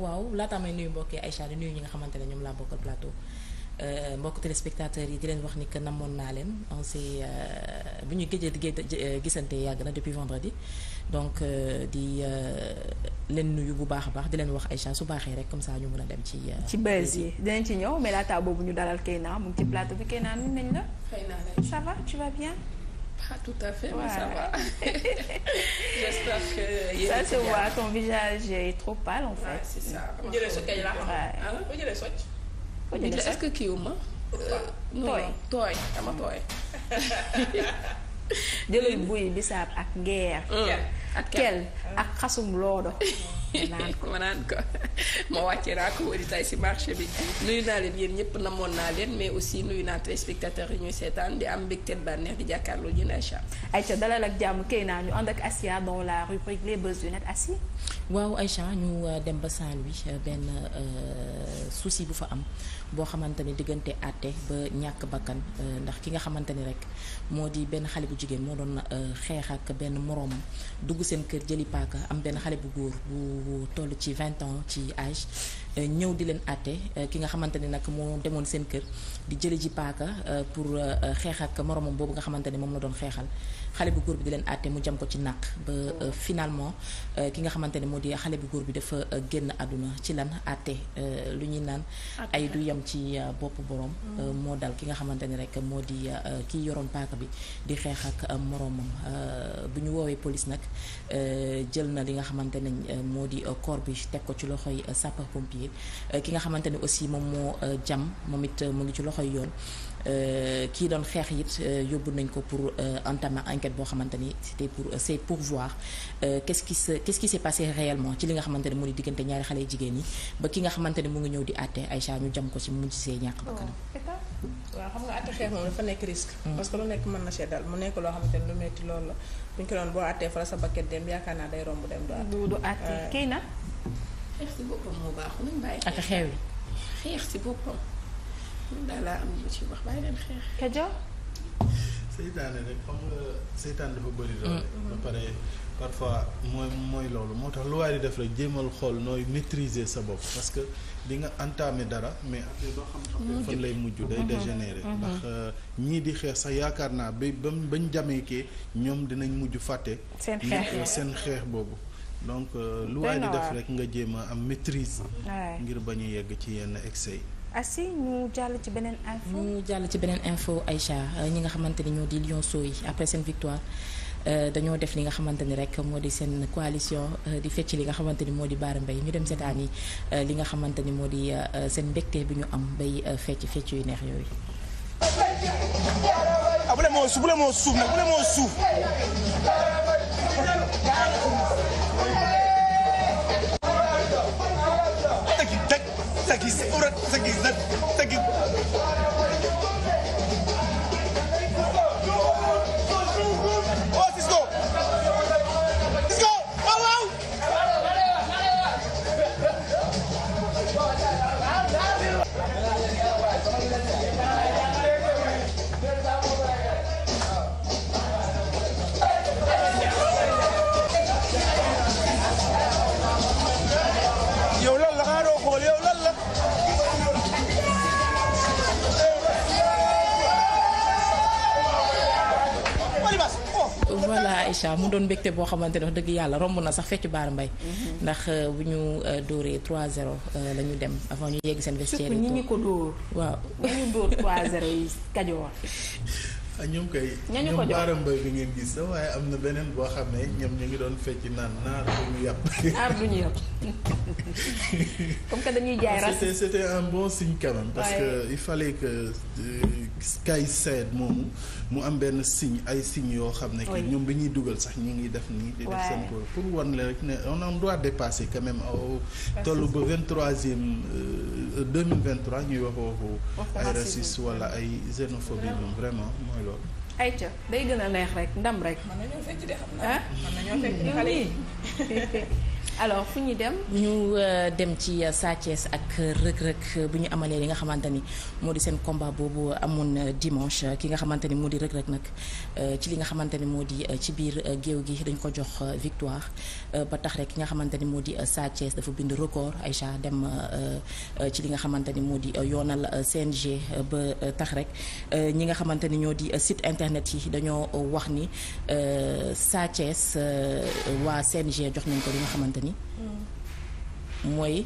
waaw laataa may nuyu mbokki Aïcha di nuyu ñi nga xamante ne ñoom laa bokkal plateau euh, mbokk téléspectateurs yi di leen wax ni que namoon naa leen on s'est euh, bu ñu gëj a euh, gisante yàgg na depuis vendredi donc di leen nuyu bu baax a baax di leen wax Aïcha su baaxee rek comme ça ñu mën a dem ci. ci buzz yi dinañ ci ñëw mais laataa boobu ñu dalal Keyna mu ngi ci plateau bi Keyna nuyu nañ la. ça tu vas bien. Pas ah, tout à fait, voilà. mais ça va. J'espère que. Ça se voit, ton visage est trop pâle en fait. Ouais, c'est ça. Est-ce que kii wu ma. tooy tooy dama tooy. jëlal buy bisaab ak ngeer mm. ak kel ak xasum loodo naan ko ma naan ko ma wàccee raa ko wëri tay si marché bi nuyu naa leen yéen ñëpp namoon naa leen mais aussi nuyu naa téléspectateurs yi ñuy seetaan di am mbégte bànneex di jàkkaarloo yéen Aïcha jàmm kay naa ñu ànd ak Asia dans la rubrique les buzz du net ñu euh, dem ba Saint-Louis euh, benn euh, souci bu fa am boo xamante ni diggante àtte ba ñàkk bakkan ndax ki nga xamante ni rek moo di benn xale bi jigéen moo doon euh, xeex ak benn moroomam dugg seen kër jëli paaka am benn xale bu góor bu toll ci vingt ans ci âge Euh, ñëw di leen àtte euh, ki nga xamante ni nag moo demoon seen kër di jële ji paaka euh, pour xeex ak moromam boobu nga xamante ni moom la doon xeexal xale bu góor bi di leen àtte mu jam ko ci nàq ba finalement ki nga xamante ni moo di xale bu góor bi dafa génn àdduna ci lan àtte lu ñuy naan ay du yam ci bopp boroom mm. moo dal ki nga xamante ni rek moo di kii yoroon paaka bi di xeex ak moromam bu ñu woowee police nag jël na li nga xamante ne moo di corps bi teg ko ci loxoy sapeur pompier Mouride euh, ki nga xamante ne aussi moom moo euh, jam moom it euh, mu ngi ci loxoy yoon kii doon xeex it yóbbu nañ ko pour entamer enquête boo xamante ni c'était pour c'est pour voir qu'est-ce qui ci li nga xamante ne moo diggante ñaari xale jigéen ñi ba ki nga xamante mu ngi ñëw di àtte Aïcha ñu jam ko ci mu mujj see ñàkk ba kanam oh, waaw xam nga àtte xeex moom dafa nekk risque mm. parce que lu nekk mën na see mu nekk loo xamante ne lu metti loolu la buñ ko doon boo àttee fa la sa bakket dem yaakaar naa day romb dem xeex si boppam moo baaxul nañ bàyyi. seytaane rek xam nga seytaan dafa bëri mm. doole. ba mooy loolu moo tax lu waay def rek jéemal xool nooy maîtriser sa bopp parce que di nga entamé dara mais après doo xam fan lay mujj day mm-hmm. dégénérer mm-hmm. ndax euh, ñii di xeex sax yaakaar naa ba ba bañ jameekee ñoom dinañ mujj fàtte. seen euh, seen xeex boobu. donc lu euh, waay di def rek nga jéem a am maîtrise ngir bañ a yegg ci yenn excès yi assi ñu jàll ci beneen info ñu ci beneen info Aïcha euh, ñi nga xamante ni ñoo di Lionceaux yi après seen victoire euh, dañoo def li nga xamante ni rek moo di seen coalition di fecc li nga xamante ni moo di Baara Mbaye ñu dem seetaan yi li nga xamante ni moo di seen mbégte bi ñu am bay fecc fecc yu neex yooyu ah, Taki, urat, taki, taki, Aïcha mu doon mbégte boo xamante ne wax dëgg yàlla romb na sax feccu baara mbay ndax euh, bu ñu euh, dóoree 3-0 euh, la ñu dem avant ñu yegg seen vestiaire surtout ñi ko dóor waaw bu ñu dóor 3-0 yi Kajoor ah ñoom kay. ñooñu ko jox ñoom baara mbay bi ngeen gis sax waaye am na beneen boo xam ne ñoom ñu ngi doon fecc naan naar du ñu yàpp. naar du ñu yàpp comme que dañuy jaay race. c'était un bon signe quand même. parce que que euh, Sky Said moomu mu am benn signe ay signes yoo xam ne. ñoom bi ñuy dugal sax ñu ngi def nii. di on a droit dépasser quand même au tollu ba vingt troisième euh, deux mille vingt trois ñuy wala ay xénophobie moom vraiment. ay ayca day gën a neex rek ndam rek. mën nañoo fecc de xam naa. xale yi. alors fu ñu dem. ñu euh, dem ci euh, Sa ak Reug Reug bu ñu amalee li nga xamante ni moo di seen combat boobu amoon euh, dimanche ki nga xamante ni moo di Reug Reug nag ci li nga xamante ni moo di ci biir géew gi dañ ko jox victoire ba tax rek ki nga xamante ni moo di Sa Thiès dafa bind record Aïcha dem ci li nga xamante ni moo di yoonal CNG ba tax rek ñi nga xamante ni ñoo di site internet yi dañoo wax ni Sa Thiès waa CNG jox nañ ko li nga xamante ni Mm. mooy.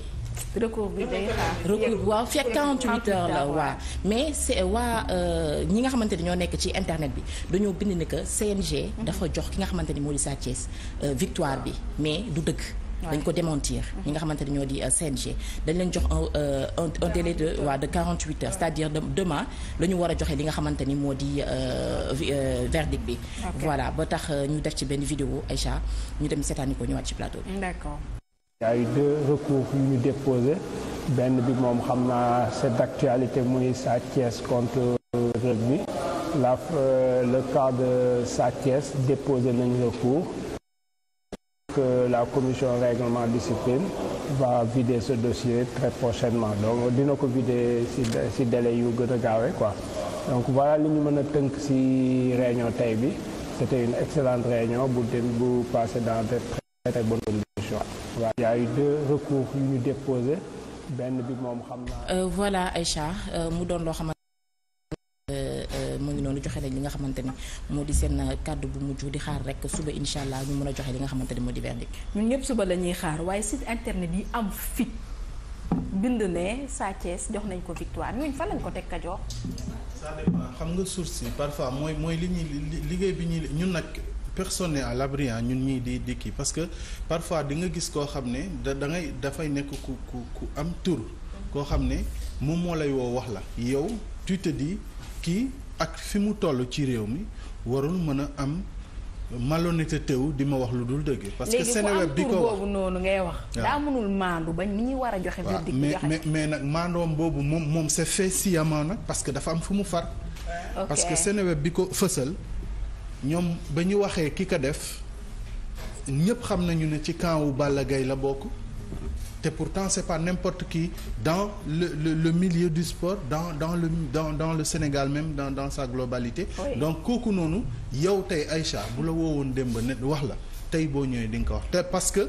recours bi day xaar recours bi waaw fekk 48 la waaw mais c'est waa euh, ñi nga xamante ni ñoo nekk ci internet bi dañoo bind ni que CNG. Mm-hmm. dafa jox ki nga xamante ni moo di Sa euh, victoire bi mais du dëkk dañ ko démentir mm-hmm. ñi nga xamante ne ñoo di euh, CNG dañ leen jox un euh, un de waaw de 48 heures c'est-à-dire demain la ñu war a joxe li nga xamante ni moo di euh, verdict bi voilà ba tax ñu def ci benn vidéo Aïcha ñu dem seetaani ko ñëwaat ci plateau bi d'accord il a deux recours yu ñu déposé benn bi moom xam naa cette actualité muy Sa Thiès contre Reug bi la le cas de Sa Thiès déposé nañu recours que la commission règlement discipline va vider ce dossier très prochainement donc dina ko vider ci ci délai yu gën a gaawee quoi donc voilà li ñu mën a tënk ci réunion tey bi c'était une excellente réunion bu dem bu passé dans de très très bonnes conditions waaw y a eu deux recours yu ñu déposé benn bi moom xam naa. Euh, voilà Aïcha euh, mu doon loo xamante noonu joxe nañ li nga xamante ne moo di seen euh, kàddu bu mujj di xaar rek suba incha allah ñu mën a joxe li nga xamante ne moo di verdict ñun ñëpp suba la xaar waaye site internet yi am fit bind ne Sa jox nañ ko victoire ñun fan ko teg ka jox. xam nga source yi parfois mooy mooy li ñuy liggéey bi ñuy ñun nag. personne n'est à l'abri ñun ñii di di parce que parfois di nga gis koo xam ne da da dafay nekk ku ku ku am tur koo xam ne moom moo lay woo wax la yow tu te dis ak fi mu toll ci réew mi warul mën a am malhonnêteté tew di ma wax lu dul dëgg. parce que Seneweb di ko wax ngay wax. daa mënul maandu ba ni ñuy war a joxe. verdict mais mais mais nag maandoom boobu moom moom c'est fait sciemment nag parce que dafa am fu mu far. parce que Seneweb bi ko fësal ñoom ba ñu waxee ki ko def ñëpp xam nañu ne ci camp wu Balla gay la bokk. te pourtant c'est pas n'importe qui dans le, le le milieu du sport dans dans le dans dans le Sénégal même dans dans sa globalité. donc kooku noonu yow tey ay Aïcha bu la woon démb ne wax la tey boo ñëwee di nga ko wax te parce que.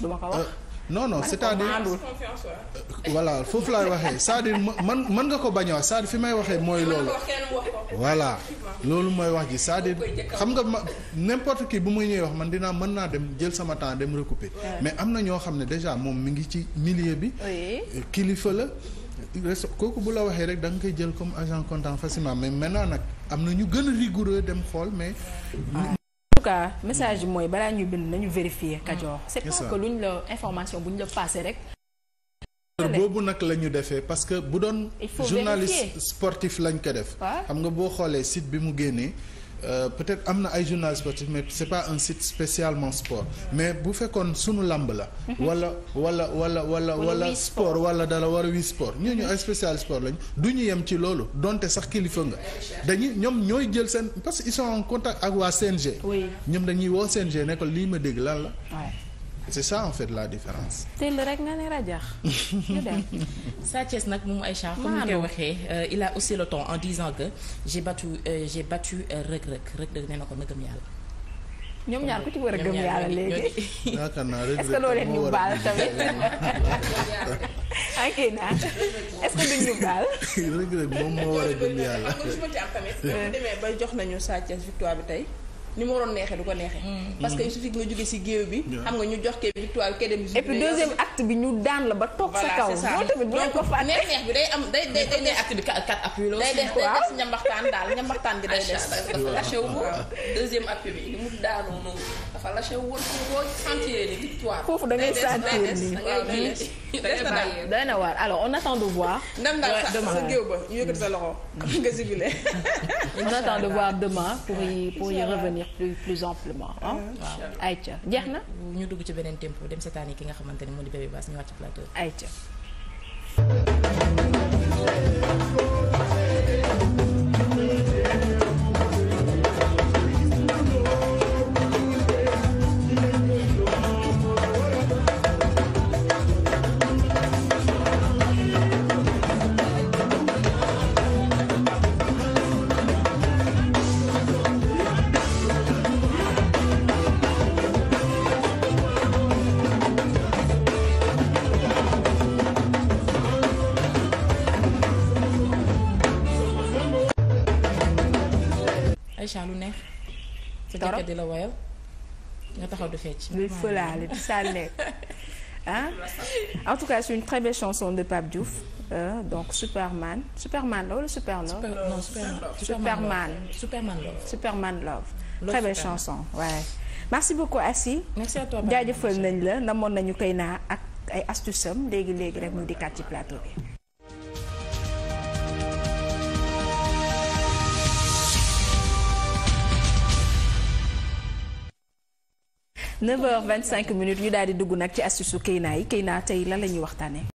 du ko wax. Euh, non non c'est-à-dire euh, voilà foofu laay waxee cest ma dire man nga ko bañ a wax fi may waxee mooy loolu voilà loolu mooy wax ji cest xam nga ma n'importe qui bu ma ñëwee wax man dinaa mën naa dem jël sama temps dem recouper mais am na ñoo xam ne déjà moom mi ngi ci milieu bi euh, kilifa la res kooku bu la waxee rek da nga koy jël comme agent comptant facilement mais maintenant nag am na ñu gën a rigoureux dem xool mais tout message bi mooy balaa ñuy bind nañu vérifier Kajoor mm. c'est pas que luñ la information ñu la passé rek boobu nag la ñu defee parce que bu doon journaliste sportif lañ ko def xam nga boo xoolee site bi mu génnee Euh, peut-être am na ay journal sportif mais c'est pas un site spécialement sport mais bu fekkoon sunu làmb la. Mhm. wala wala wala wala wala. sport wala dala war a wi sport ñooñu ay spécial sport lañu du ñu yem ci loolu donte sax kilifa nga dañuy ñoom ñooy jël seen parce que ils sont en contact ak waa CNG. ñoom dañuy woo CNG ne ko lii ma dégg lan la. c'est ça en fait la différence. teel rek nga ne rajax. ñu dem Sa Thiès nag moom Aïcha. comme ni koy waxee euh, il a aussi le temps en disant que j'ai battu euh, j'ai battu euh, Reug Reug ko na yàlla. ñoom ñaar ku ci war a gëm yàlla léegi. yaakaar naa naa est-ce moom moo war a gëm yàlla. ba jox nañu Sa Thiès victoire bi tey. ni mu waroon neexee du ko neexee. Hmm, hmm. parce que il suffit nga jóge ci géew bi. xam nga ñu jox kee victoire kee dem. et puis deuxième acte bi ñu daan la ba toog sa kaw. voilà tamit bu leen ko fàtte. neex neex bi day am day day day day acte bi quatre appui la day def day des ñambaxtaan daal ñambaxtaan gi day des. dafa lâché wu ko deuxième appui bi li mu daanu noonu dafa lâché wu woon boo sentir ni victoire. foofu da ngay sentir ni day na waar alors on attend de voir. ndam daal sa sa géew ba ñu yëkkati sa loxo. nga jubilé. on attend de voir demain pour y pour y revenir revenir plus plus amplement ah. waaw jeex na. ñu dugg ci beneen tempo dem seetaan yi ki nga xamante ne moom di Bébé Bass ñu wàcc plateau. ayca. Aïcha lu neex. sa jëkkër di la woyal nga taxaw di fecc. luy fëlaale di sànneek ah en tout cas c'est une très belle chanson de Pape Diouf euh, donc Superman Superman la wala Super Love. Super, non Superman Superman Superman Love. Superman Love. Love très belle chanson waaye. Ouais. merci beaucoup Assi. merci à jaajëfal nañ la namoon nañu koy naa ak ay astuces am léegi léegi rek mu dikkaat ci plateau bi. 9h25 minutes ñu daal di dugg nag ci astuce su Keyna yi Keyna tey lan la ñuy waxtaanee.